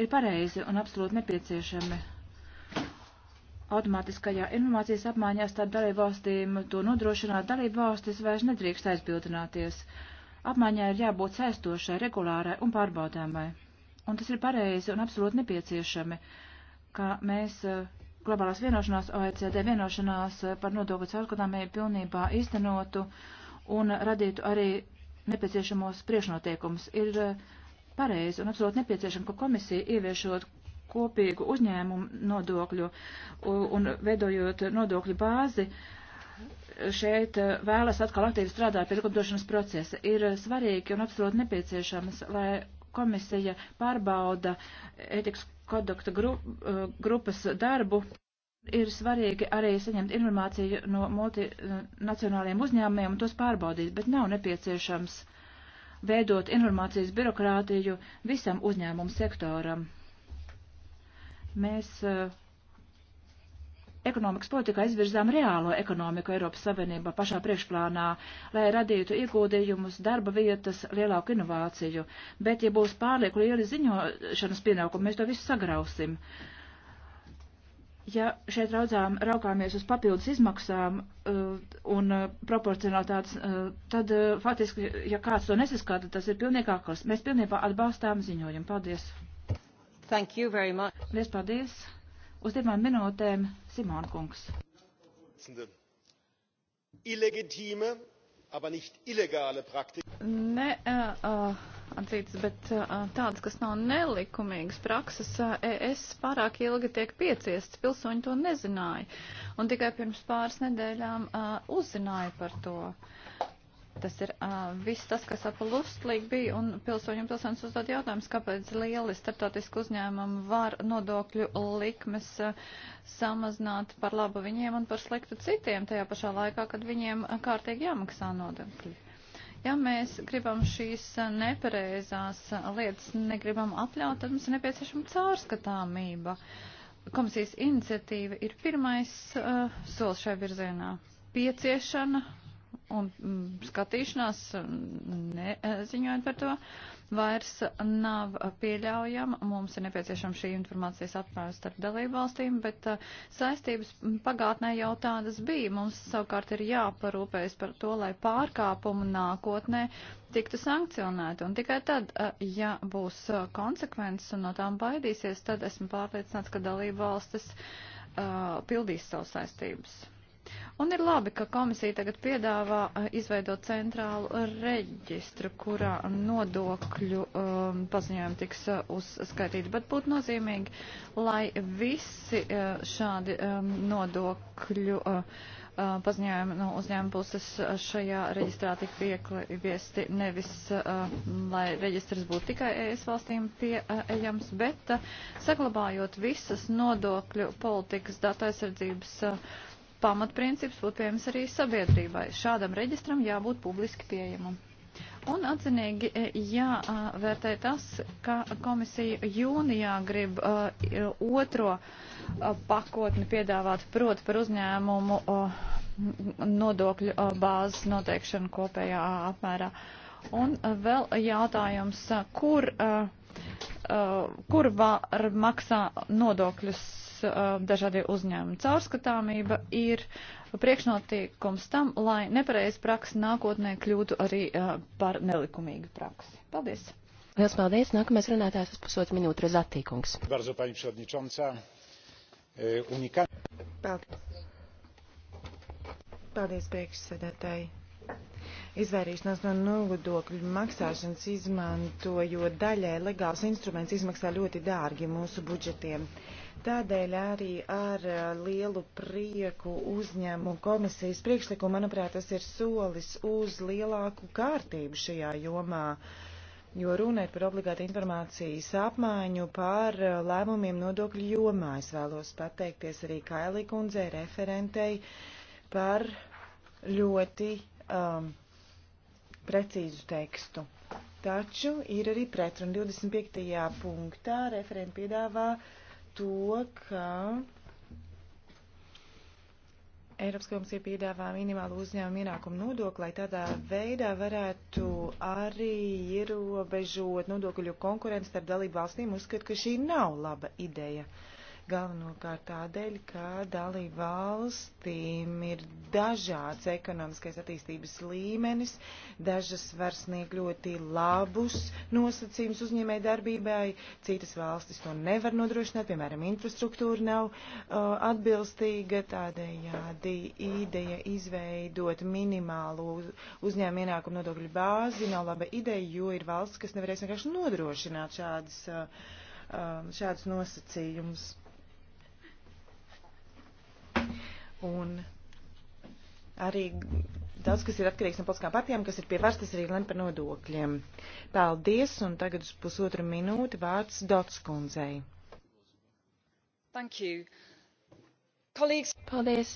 Ir pareizi un absolūti nepieciešami. Automātiskajā informācijas apmaiņā starp dalību valstīm to nodrošināt dalību valstis vairs nedrīkst aizbildināties. Apmaiņā ir jābūt saistošai, regulārai un pārbaudāmai. Un tas ir pareizi un absolūti nepieciešami, ka mēs uh, globālās vienošanās, OECD vienošanās eh, par nodokļu caurskatāmību pilnībā īstenotu uh, un radītu arī nepieciešamos priešnotiekumus. Ir eh, pareizi un absolūti nepieciešama, ka komisija ieviešot kopīgu uzņēmumu nodokļu un veidojot nodokļu bāzi, šeit eh, vēlas atkal aktīvi strādāt pie likumdošanas procesa. Ir eh, svarīgi un absolūti nepieciešams, lai komisija pārbauda ētikas kodokta grupas darbu ir svarīgi arī saņemt informāciju no multinacionāliem uzņēmumiem un tos pārbaudīt, bet nav nepieciešams veidot informācijas birokrātiju visam uzņēmumu sektoram. Mēs uh, ekonomikas politikā izvirzām reālo ekonomiku Eiropas Savienībā pašā priekšplānā, lai radītu ieguldījumus, darba vietas, lielāku inovāciju. Bet, ja būs pārlieku lieli ziņošanas pienākumi, mēs to visu sagrausim. Uh, ja šeit raudzām, raugāmies uz papildus izmaksām uh, un uh, proporcionalitātes, uh, tad uh, faktiski, ja kāds to nesaskata, tas ir pilnīgi akls. Mēs pilnībā atbalstām ziņojumu. Paldies! Thank you very much. Lies paldies! Uz divām minūtēm Simona Kungs. Illegitīme, aber nicht illegāle praktika. Ne, uh, uh atzītas, bet tādas, kas nav nelikumīgas prakses, ES pārāk ilgi tiek pieciestas, pilsoņi to nezināja. Un tikai pirms pāris nedēļām uzzināja par to. Tas ir uh, viss tas, kas ap lustlīgi bija, un pilsoņiem pilsēns uzdod jautājums, kāpēc lieli starptautiski uzņēmumi var nodokļu likmes uh, samazināt par labu viņiem un par sliktu citiem, tajā pašā laikā, kad viņiem kārtīgi jāmaksā nodokļi. Ja mēs gribam šīs nepareizās lietas negribam atļaut, tad mums ir nepieciešama caurskatāmība. Komisijas iniciatīva ir pirmais uh, solis šai virzienā. Pieciešana un mm, skatīšanās, mm, neziņojot par to, vairs nav pieļaujama. Mums ir nepieciešama šī informācijas apmēra starp dalībvalstīm, bet eh, saistības pagātnē jau tādas bija. Mums savukārt ir jāparūpējas par to, lai pārkāpumu nākotnē tiktu sankcionēti. Un tikai tad, eh, ja būs eh, konsekvences un no tām baidīsies, tad esmu pārliecināts, ka dalībvalstis uh, pildīs savu saistības. Un ir labi, ka komisija tagad piedāvā eh, izveidot centrālu reģistru, kurā nodokļu um, paziņojumi tiks uh, uzskaitīti, bet būtu nozīmīgi, lai visi uh, šādi um, nodokļu uh, paziņojumi no uzņēmuma puses šajā reģistrā tik viegli viesti, nevis uh, lai reģistrs būtu tikai ES valstīm pieejams, bet uh, saglabājot visas nodokļu politikas datu aizsardzības uh, pamatprincips būtu pieejams arī sabiedrībai. Šādam reģistram jābūt publiski pieejamam. Un atzinīgi e, jāvērtē tas, ka komisija jūnijā grib uh, otro uh, pakotni piedāvāt proti par uzņēmumu uh, nodokļu bāzes noteikšanu kopējā apmērā. Un vēl jautājums, kur, kur var maksā nodokļus Um, dažādie uzņēmumi. Caurskatāmība ir priekšnotiekums tam, lai nepareiz praksa nākotnē kļūtu arī uh, par nelikumīgu praksi. Paldies! Liels paldies! Nākamais runātājs uz pusotru minūtu ir Zatīkungs. Bardzo, pani przewodnicząca. E, Unikā... Paldies! Paldies, priekšsēdētāji! Izvairīšanās no nodokļu maksāšanas izmantojot daļai legāls instruments izmaksā ļoti dārgi mūsu budžetiem. Uh, Tādēļ arī ar eh, lielu prieku uzņemu komisijas priekšlikumu. Manuprāt, tas ir solis uz lielāku kārtību šajā jomā, jo runa ir par obligātu informācijas apmaiņu par eh, lēmumiem nodokļu jomā. Es vēlos pateikties arī Kailī kundzei referentei par ļoti um, precīzu tekstu. Taču ir arī pretruna 25. punktā referenta piedāvā uh, to, ka Eiropas komisija piedāvā minimālu uzņēmumu ienākumu nodokli, lai tādā veidā varētu arī ierobežot nodokļu konkurenci starp dalību valstīm, uzskat, ka šī nav laba ideja. Uh, Galvenokārt tādēļ, ka dalību valstīm ir dažāds ekonomiskais attīstības līmenis, dažas var sniegt ļoti labus nosacījumus uzņēmēji darbībai, citas valstis to nevar nodrošināt, piemēram, infrastruktūra nav uh, atbilstīga, tādējādi ideja izveidot minimālu uzņēmumu ienākumu nodokļu bāzi nav laba ideja, jo ir valsts, kas nevarēs vienkārši nodrošināt šādas, uh, uh šādas nosacījumus. Un arī daudz, kas ir atkarīgs no politiskām partijām, kas ir pievērstas arī lem par nodokļiem. Paldies, un tagad uz pusotru minūti vārds Dots kundzei. Thank you. Colleagues. Paldies.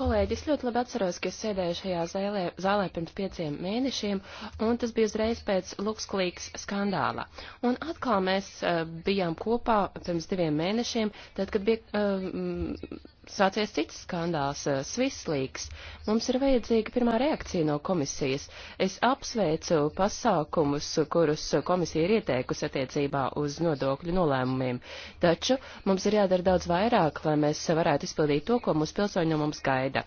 Kolēģis ļoti labi atceros, ka es sēdēju šajā zālē, zālē pirms pieciem mēnešiem, un tas bija uzreiz pēc Luksklīks skandāla. Un atkal mēs uh, bijām kopā pirms diviem mēnešiem, tad, kad bija uh, sācies cits skandāls eh, - Svislīgs. Mums ir vajadzīga pirmā reakcija no komisijas. Es apsveicu pasākumus, kurus komisija ir ieteikusi attiecībā uz nodokļu nolēmumiem, taču mums ir jādara daudz vairāk, lai mēs varētu izpildīt to, ko mūsu pilsoņi no mums gaida.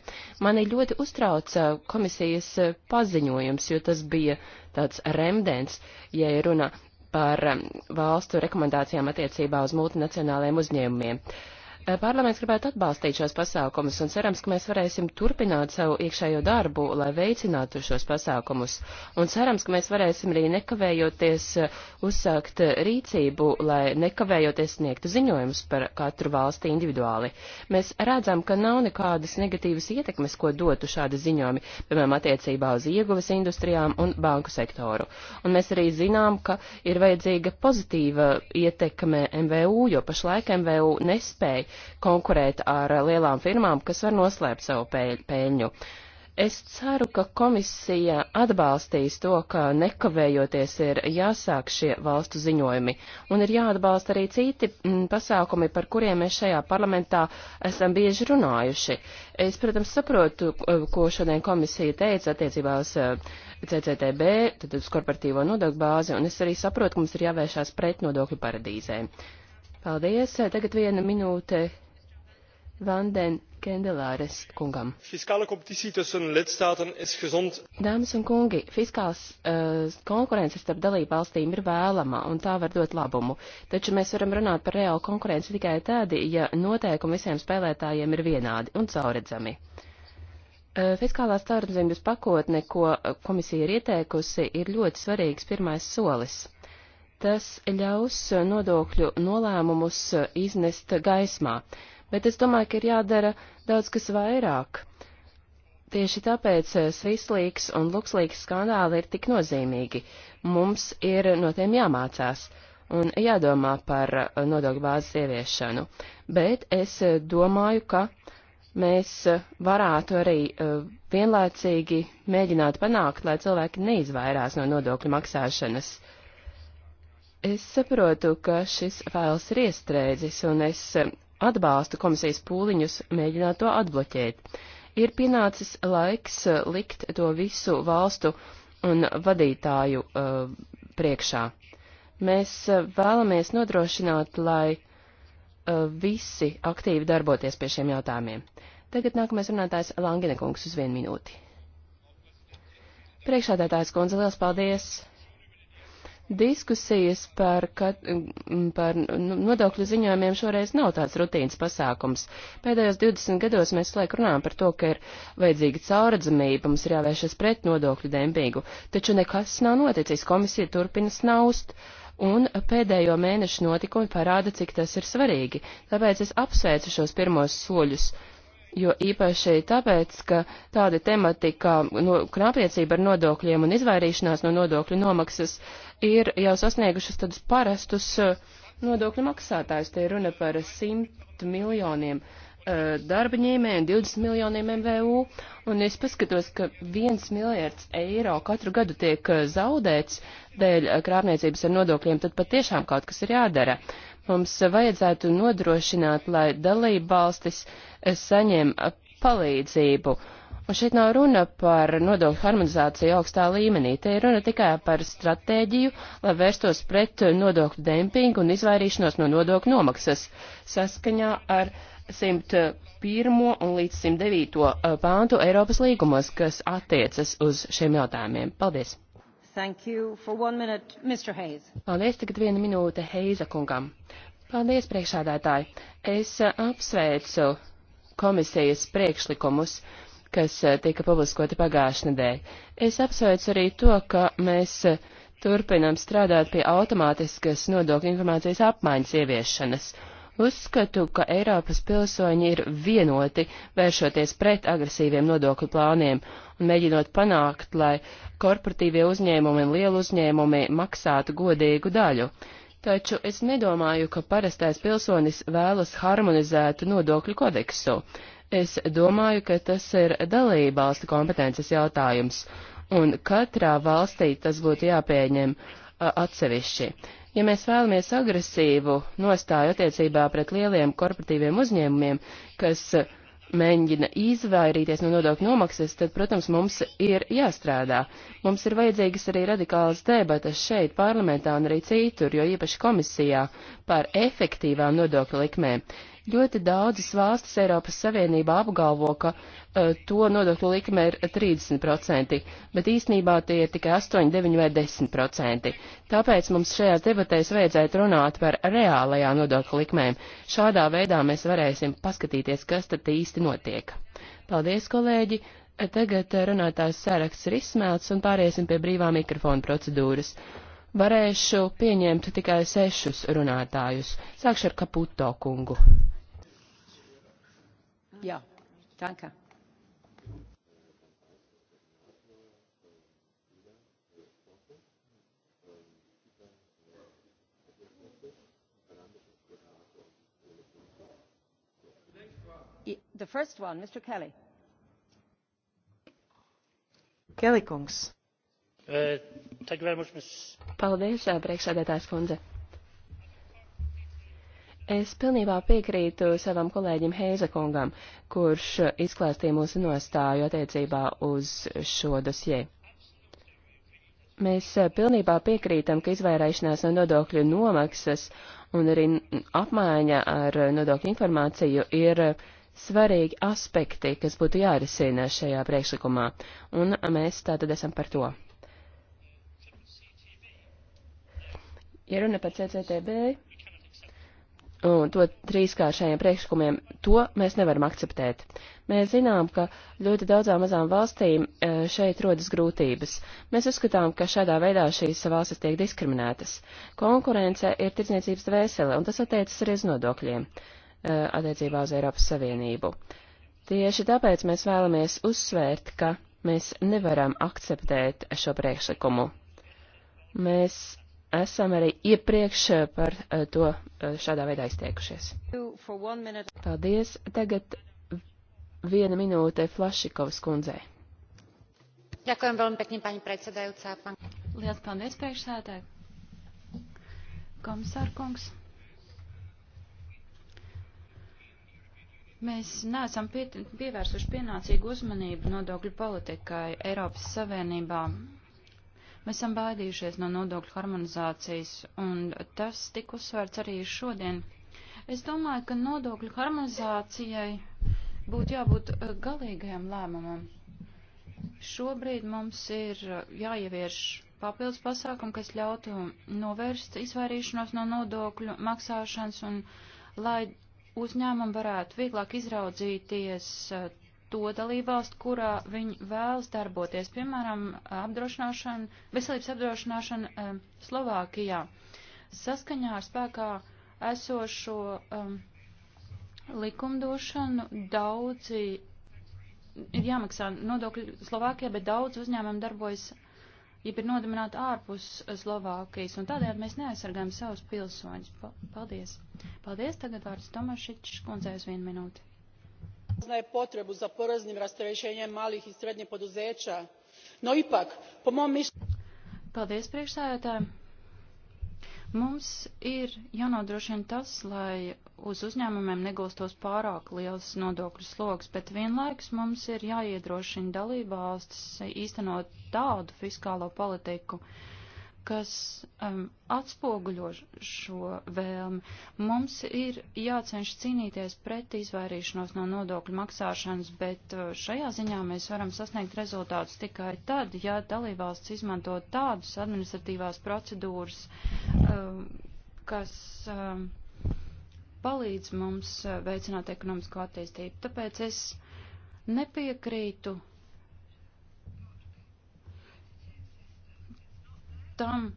Mani ļoti uztrauca komisijas eh, paziņojums, jo tas bija tāds remdens, ja ir runa par eh, valstu rekomendācijām attiecībā uz multinacionāliem uzņēmumiem. Uh, Eh, parlaments gribētu atbalstīt šos pasākumus un cerams, ka mēs varēsim turpināt savu iekšējo darbu, lai veicinātu šos pasākumus. Un cerams, ka mēs varēsim arī nekavējoties eh, uzsākt eh, rīcību, lai nekavējoties sniegtu ziņojumus par katru valsti individuāli. Mēs redzam, ka nav nekādas negatīvas ietekmes, ko dotu šādi ziņojumi, piemēram, attiecībā uz ieguves industrijām un banku sektoru. Un mēs arī zinām, ka ir vajadzīga pozitīva ietekme MVU, jo pašlaik MVU nespēja konkurēt ar lielām firmām, kas var noslēpt savu peļņu. Es ceru, ka komisija atbalstīs to, ka nekavējoties ir jāsāk šie valstu ziņojumi, un ir jāatbalsta arī citi mm, pasākumi, par kuriem mēs šajā parlamentā esam bieži runājuši. Es, protams, saprotu, eh, ko šodien komisija teica attiecībā uz eh, CCTB, tad uz korporatīvo nodokļu bāzi, un es arī saprotu, ka mums ir jāvēršās pret nodokļu paradīzēm. Paldies. Tagad viena minūte Vanden Kendelāres kungam. Fiskāla kompetīcija tussen lidstaten ir gezond. Dāmas un kungi, fiskāls uh, eh, konkurences starp dalību valstīm ir vēlama un tā var dot labumu. Taču mēs varam runāt par reālu konkurenci tikai tad, ja noteikumi visiem spēlētājiem ir vienādi un cauredzami. Uh, eh, fiskālās caurdzimības pakotne, ko eh, komisija ir ieteikusi, ir ļoti svarīgs pirmais solis Tas ļaus nodokļu nolēmumus iznest gaismā, bet es domāju, ka ir jādara daudz kas vairāk. Tieši tāpēc Svislīgs un Lukslīgs skandāli ir tik nozīmīgi. Mums ir no tiem jāmācās un jādomā par nodokļu bāzes ieviešanu. Bet es domāju, ka mēs varētu arī uh, vienlaicīgi mēģināt panākt, lai cilvēki neizvairās no nodokļu maksāšanas. Es saprotu, ka šis fails ir iestrēdzis, un es eh, atbalstu komisijas pūliņus mēģināt to atbloķēt. Ir pienācis laiks eh, likt to visu valstu un vadītāju uh, priekšā. Mēs vēlamies nodrošināt, lai uh, visi aktīvi darboties pie šiem jautājumiem. Tagad nākamais runātājs Langinekungs uz vienu minūti. Priekšādātājs kundze, liels paldies! Diskusijas par, kat, par nodokļu ziņojumiem šoreiz nav tāds rutīns pasākums. Pēdējos 20 gados mēs laik runājam par to, ka ir vajadzīga cauradzamība, mums ir jāvēršas pret nodokļu dempingu, taču nekas nav noticis, komisija turpina snaust. Un pēdējo mēnešu notikumi parāda, cik tas ir svarīgi, tāpēc es apsveicu šos pirmos soļus. Uh, jo īpaši tāpēc, ka tāda tematika, no, nu, krāpniecība ar nodokļiem un izvairīšanās no nodokļu nomaksas ir jau sasniegušas tādus parastus uh, nodokļu maksātājus. Te ir runa par simt miljoniem uh, darba ņēmēju un 20 miljoniem MVU, un es paskatos, ka viens miljards eiro katru gadu tiek uh, zaudēts dēļ uh, krāpniecības ar nodokļiem, tad patiešām kaut kas ir jādara. Mums vajadzētu nodrošināt, lai dalība valstis eh, saņem eh, palīdzību. Un šeit nav runa par nodokļu harmonizāciju augstā līmenī, te ir runa tikai par stratēģiju, lai vērstos pret nodokļu dempingu un izvairīšanos no nodokļu nomaksas saskaņā ar 101. un līdz 109. Eh, pāntu Eiropas līgumos, kas attiecas uz šiem jautājumiem. Paldies! Paldies, tagad viena minūte Heiza kungam. Paldies, priekšādātāji. Es uh, apsveicu komisijas priekšlikumus, kas uh, tika publiskoti pagājušajā nedēļā. Es apsveicu arī to, ka mēs uh, turpinam strādāt pie automātiskas nodokļu informācijas apmaiņas ieviešanas. Uzskatu, ka Eiropas pilsoņi ir vienoti vēršoties pret agresīviem nodokļu plāniem, un mēģinot panākt, lai korporatīvie uzņēmumi un lielu uzņēmumi maksātu godīgu daļu. Taču es nedomāju, ka parastais pilsonis vēlas harmonizētu nodokļu kodeksu. Es domāju, ka tas ir dalībvalstu kompetences jautājums, un katrā valstī tas būtu jāpieņem atsevišķi. Ja mēs vēlamies agresīvu nostāju attiecībā pret lieliem korporatīviem uzņēmumiem, kas uh, mēģina izvairīties no nodokļu nomaksas, tad, protams, mums ir jāstrādā. Mums ir vajadzīgas arī radikālas debatas šeit, parlamentā un arī citur, jo īpaši komisijā par efektīvām nodokļu likmēm. Ļoti daudzas valstis Eiropas Savienībā apgalvo, ka uh, to nodokļu likme ir 30%, bet īsnībā tie ir tikai 8, 9 vai 10%. Tāpēc mums šajās debatēs vajadzētu runāt par reālajām nodokļu likmēm. Šādā veidā mēs varēsim paskatīties, kas tad īsti notiek. Paldies, kolēģi! Tagad runātājs saraksts ir izsmelts un pāriesim pie brīvā mikrofona procedūras. Varēšu pieņemt tikai sešus runātājus. Sākšu ar Kaputo kungu. Jā, danke. The first one, Mr. Kelly. Kelly kungs. Uh, much, Paldies, eh, priekšsēdētājs kundze. Es pilnībā piekrītu savam kolēģim Heizekungam, kurš izklāstīja mūsu nostāju attiecībā uz šo dosie. Mēs pilnībā piekrītam, ka izvairīšanās no nodokļu nomaksas un arī apmaiņa ar nodokļu informāciju ir svarīgi aspekti, kas būtu jārisina šajā priekšlikumā, un mēs tātad esam par to. Ja runa par CCTB, un to trīskāršajiem priekšlikumiem, to mēs nevaram akceptēt. Mēs zinām, ka ļoti daudzām mazām valstīm e, šeit rodas grūtības. Mēs uzskatām, ka šādā veidā šīs valstis tiek diskriminētas. Konkurence ir tirdzniecības dvēsele, un tas attiecas arī uz nodokļiem e, attiecībā uz Eiropas Savienību. Tieši tāpēc mēs vēlamies uzsvērt, ka mēs nevaram akceptēt šo priekšlikumu. Mēs esam arī iepriekš eh, par eh, to eh, šādā veidā izteikušies. Paldies. Tagad viena minūte Flašikovas kundzei. Ďakujem veľmi pekne, pani predsedajúca. Pán... Liels paldies, priekšsēdētāji. Komisārkungs. Mēs neesam pie, pievērsuši pienācīgu uzmanību nodokļu politikai Eiropas Savienībā Mēs esam baidījušies no nodokļu harmonizācijas, un tas tika uzsvērts arī šodien. Es domāju, ka nodokļu harmonizācijai būtu jābūt eh, galīgajam lēmumam. Šobrīd mums ir eh, jāievieš papildus pasākumu, kas ļautu novērst izvairīšanos no nodokļu maksāšanas un lai uzņēmumi varētu vieglāk izraudzīties eh, to dalībvalstu, kurā viņi vēlas darboties, piemēram, apdrošināšana, veselības apdrošināšana um, Slovākijā. Saskaņā ar spēkā esošo um, likumdošanu daudzi ir jāmaksā nodokļi Slovākijā, bet daudz uzņēmumu darbojas, ja ir nodimināti ārpus Slovākijas, un tādējādi mēs neaizsargājam savus pilsoņus. Paldies! Paldies! Tagad vārds Tomašičs, kundzēs vienu minūti prepoznaje potrebu za poreznim rasterećenjem malih i srednjih poduzeća no ipak po mom mišljenju. Paldies, priekšsēdētāji! Mums ir jānodrošina tas, lai uz uzņēmumiem negulstos pārāk liels nodokļu sloks, bet vienlaikus mums ir jāiedrošina dalībvalstis īstenot tādu fiskālo politiku, uh, kas um, atspoguļo šo vēlmi. Mums ir jācenš cīnīties pret izvairīšanos no nodokļu maksāšanas, bet uh, šajā ziņā mēs varam sasniegt rezultātus tikai tad, ja dalībvalsts izmanto tādus administratīvās procedūras, um, kas um, palīdz mums uh, veicināt ekonomisko attīstību. Tāpēc es nepiekrītu tam,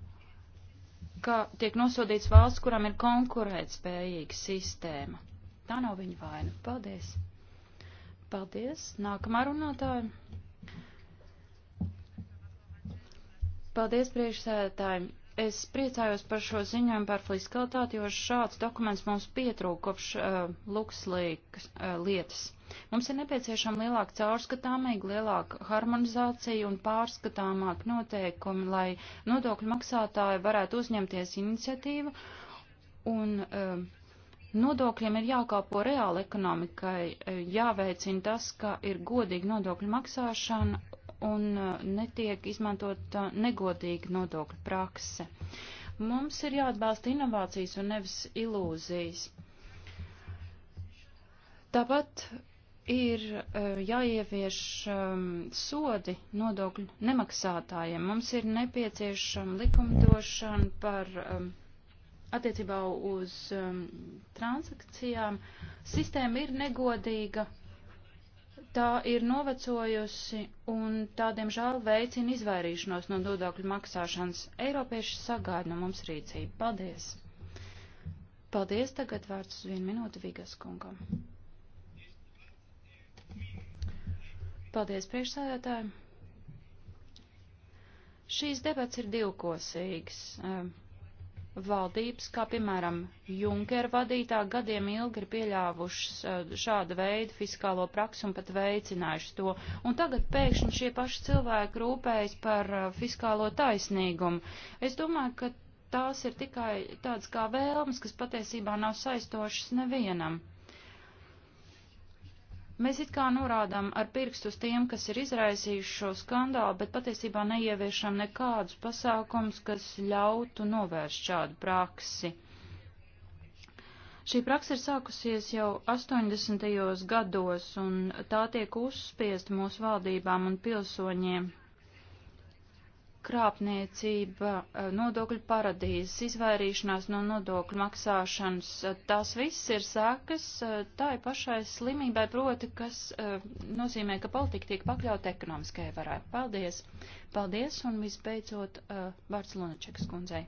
ka tiek nosodīts valsts, kuram ir konkurētspējīga sistēma. Tā nav viņa vaina. Paldies. Paldies. Nākamā runātāja. Paldies priekšsēdētājiem. Es priecājos par šo ziņojumu par fiskalitāti, jo šāds dokuments mums pietrūk kopš uh, lukslīgas uh, lietas. Mums ir nepieciešama lielāka caurskatāmība, lielāka harmonizācija un pārskatāmāk noteikumi, lai nodokļu maksātāji varētu uzņemties iniciatīvu un uh, Nodokļiem ir jākalpo reāli ekonomikai, uh, jāveicina tas, ka ir godīga nodokļu maksāšana un uh, netiek izmantota uh, negodīga nodokļu prakse. Mums ir jāatbalsta inovācijas un nevis ilūzijas. Tāpat ir uh, jāievieš um, sodi nodokļu nemaksātājiem. Mums ir nepieciešama likumdošana par um, attiecībā uz um, transakcijām. Sistēma ir negodīga tā ir novecojusi un tā, diemžēl, veicina izvairīšanos no nodokļu maksāšanas. Eiropieši sagaida no mums rīcību. Paldies! Paldies, tagad vārds uz vienu minūti Vigas kungam. Paldies, priekšsēdētāji! Šīs debats ir divkosīgs. Um, valdības, kā piemēram Junkera vadītā, gadiem ilgi ir pieļāvušas eh, šāda veida fiskālo praksu un pat veicinājušas to. Un tagad pēkšņi šie paši cilvēki rūpējas par eh, fiskālo taisnīgumu. Es domāju, ka tās ir tikai tādas kā vēlmes, kas patiesībā nav saistošas nevienam. Mēs it kā norādām ar pirkstu uz tiem, kas ir izraisījuši šo skandālu, bet patiesībā neieviešam nekādus pasākums, kas ļautu novērst šādu praksi. Šī praksa ir sākusies jau 80. gados, un tā tiek uzspiest mūsu valdībām un pilsoņiem krāpniecība, eh, nodokļu paradīzes, izvairīšanās no nodokļu maksāšanas, eh, tās viss ir sākas eh, tai pašai slimībai, proti, kas nozīmē, ka politika tiek pakļauta ekonomiskajai varai. Paldies! Paldies un visbeidzot vārds Lunačekas kundzei.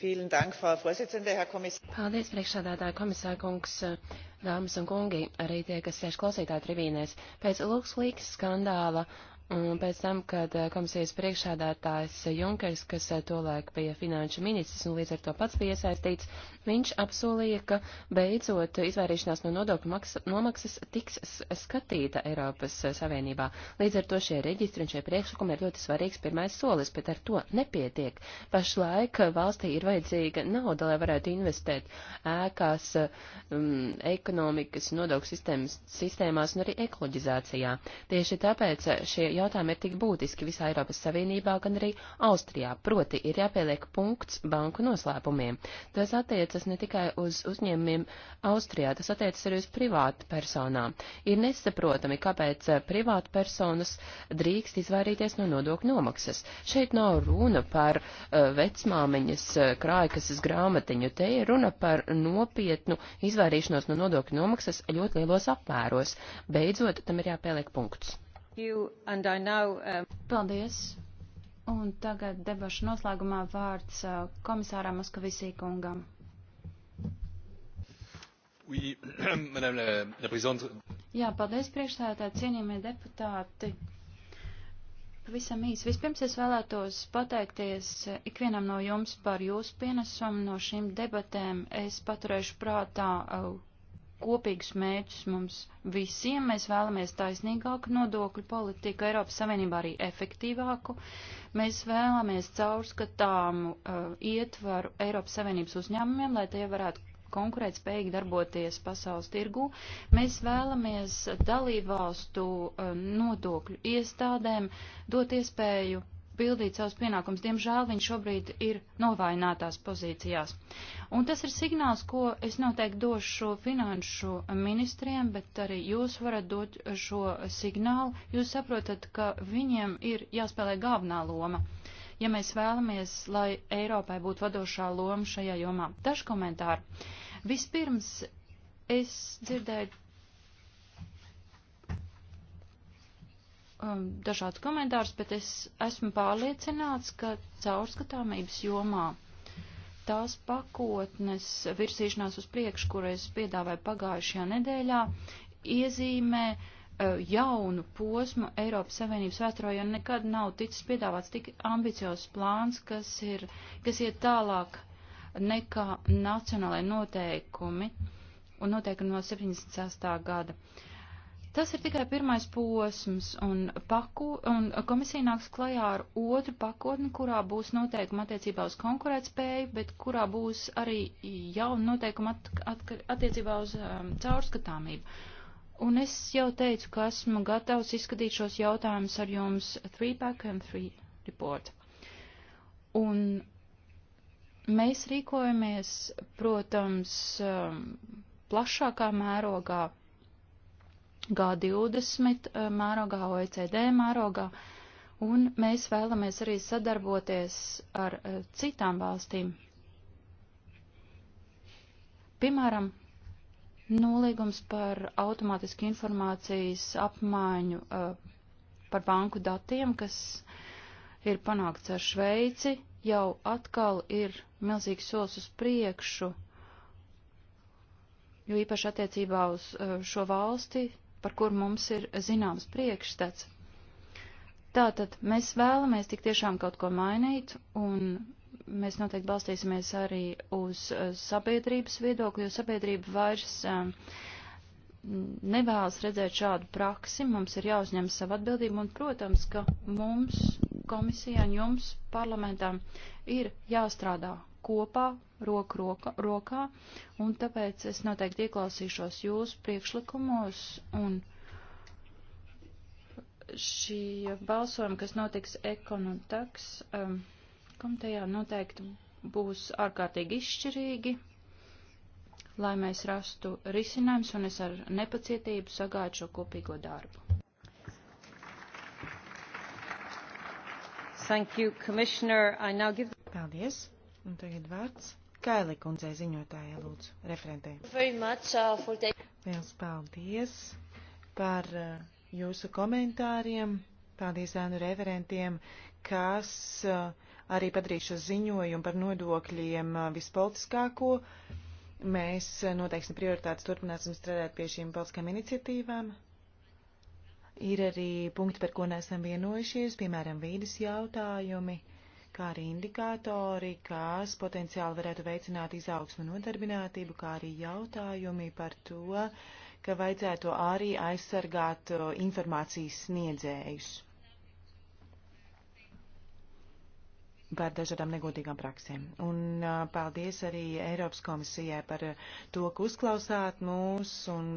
Paldies, priekšsādātāja komisāra kungs, dāmas un kungi, arī tie, kas sēž klausītāji trivīnēs. Pēc Luxlīks skandāla Un pēc tam, kad eh, komisijas priekšādātājs Junkers, kas eh, tolaik bija finanšu ministrs un līdz ar to pats bija iesaistīts, viņš apsolīja, ka beidzot izvairīšanās no nodokļu nomaksas tiks skatīta Eiropas Savienībā. Līdz ar to šie reģistri un šie priekšlikumi ir ļoti svarīgs pirmais solis, bet ar to nepietiek. Pašlaik valstī ir vajadzīga nauda, lai varētu investēt ēkās, um, ekonomikas, nodokļu sistēmas, sistēmās un arī ekoloģizācijā. Tieši tāpēc šie jautājumi ir tik būtiski visā Eiropas Savienībā, gan arī Austrijā, proti ir jāpieliek punkts banku noslēpumiem. Tas attiecas ne tikai uz uzņēmumiem Austrijā, tas attiecas arī uz privātu personām. Ir nesaprotami, kāpēc eh, privātu personas drīkst izvairīties no nodokļu nomaksas. Šeit nav runa par uh, vecmāmiņas uh, eh, krājkases grāmatiņu, te ir runa par nopietnu izvairīšanos no nodokļu nomaksas ļoti lielos apmēros. Beidzot, tam ir jāpieliek punkts. Now, um... Paldies! Un tagad debašu noslēgumā vārds uh, komisāram Moskavisī kungam. Oui, madame la, la présidente. Jā, paldies priekšsēdētāji, cienījamie deputāti. Pavisam īsi. Vispirms es vēlētos pateikties uh, ikvienam no jums par jūsu pienesumu no šīm debatēm. Es paturēšu prātā uh, kopīgus mērķus mums visiem. Mēs vēlamies taisnīgāku nodokļu politiku, Eiropas Savienībā arī efektīvāku. Mēs vēlamies caurskatāmu uh, ietvaru Eiropas Savienības uzņēmumiem, lai tie varētu konkurēt spējīgi darboties pasaules tirgu. Mēs vēlamies dalībvalstu uh, nodokļu iestādēm dot iespēju pildīt savus pienākumus. Diemžēl viņš šobrīd ir novainātās pozīcijās. Un tas ir signāls, ko es noteikti došu finanšu ministriem, bet arī jūs varat dot šo signālu. Jūs saprotat, ka viņiem ir jāspēlē galvenā loma, ja mēs vēlamies, lai Eiropai būtu vadošā loma šajā jomā. Dažs komentāri. Vispirms es dzirdēju um, dažāds komentārs, bet es esmu pārliecināts, ka caurskatāmības jomā tās pakotnes virsīšanās uz priekšu, kur es piedāvāju pagājušajā nedēļā, iezīmē uh, jaunu posmu Eiropas Savienības vēsturē, jo nekad nav ticis piedāvāts tik ambiciozs plāns, kas, ir, kas iet tālāk nekā nacionālajie noteikumi un noteikumi no 76. gada. Uh, Tas ir tikai pirmais posms, un, paku, un komisija nāks klajā ar otru pakotni, kurā būs noteikuma attiecībā uz konkurētspēju, bet kurā būs arī jauna noteikuma at, at, attiecībā uz um, caurskatāmību. Un es jau teicu, ka esmu gatavs izskatīt šos jautājumus ar jums 3-pack and 3 report. Un mēs rīkojamies, protams, um, plašākā mērogā G20 eh, mērogā, OECD mērogā, un mēs vēlamies arī sadarboties ar eh, citām valstīm. Piemēram, nolīgums par automātisku informācijas apmaiņu eh, par banku datiem, kas ir panākts ar Šveici, jau atkal ir milzīgs solis uz priekšu, jo īpaši attiecībā uz šo valsti par kur mums ir zināms priekšstats. Tātad mēs vēlamies tik tiešām kaut ko mainīt, un mēs noteikti balstīsimies arī uz eh, sabiedrības viedokli, jo sabiedrība vairs eh, nevēlas redzēt šādu praksi, mums ir jāuzņem savu atbildību, un, protams, ka mums, komisijā un jums, parlamentam, ir jāstrādā kopā, roku roka, rokā, un tāpēc es noteikti ieklausīšos jūsu priekšlikumos un šī balsojuma, kas notiks ekonomitaks, um, komitejā noteikti būs ārkārtīgi izšķirīgi, lai mēs rastu risinājums, un es ar nepacietību sagāju šo kopīgo darbu. Thank you, Commissioner. I now give... Paldies. Un tagad vārds Kaili kundzei ziņotājai lūdzu, referentē. Uh, Liels paldies par uh, jūsu komentāriem. Paldies ēnu referentiem, kas uh, arī padarīja šo ziņojumu par nodokļiem vispolitiskāko. Mēs noteiksim prioritātes turpināsim strādāt pie šīm politiskām iniciatīvām. Ir arī punkti, par ko neesam vienojušies, piemēram, vīdes jautājumi. Uh, kā arī indikātori, kas potenciāli varētu veicināt izaugsmu nodarbinātību, kā arī jautājumi par to, ka vajadzētu arī aizsargāt uh, informācijas sniedzējus par dažādām negodīgām praksēm. Un uh, paldies arī Eiropas komisijai par to, ka uzklausāt mūs un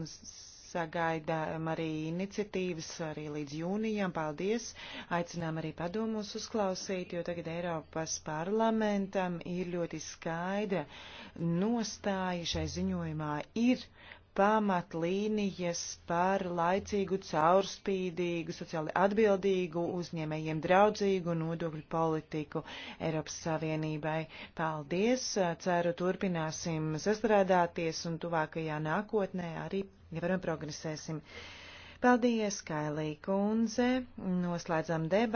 sagaidām arī iniciatīvas arī līdz jūnijam. Paldies! Aicinām arī padomus uzklausīt, jo tagad Eiropas parlamentam ir ļoti skaidra nostāja šai ziņojumā ir pamatlīnijas par laicīgu, caurspīdīgu, sociāli atbildīgu, uzņēmējiem draudzīgu nodokļu politiku Eiropas Savienībai. Paldies! Ceru, turpināsim sastrādāties un tuvākajā nākotnē arī, ja varam, progresēsim. Paldies, Kailī kundze! Noslēdzam debatu.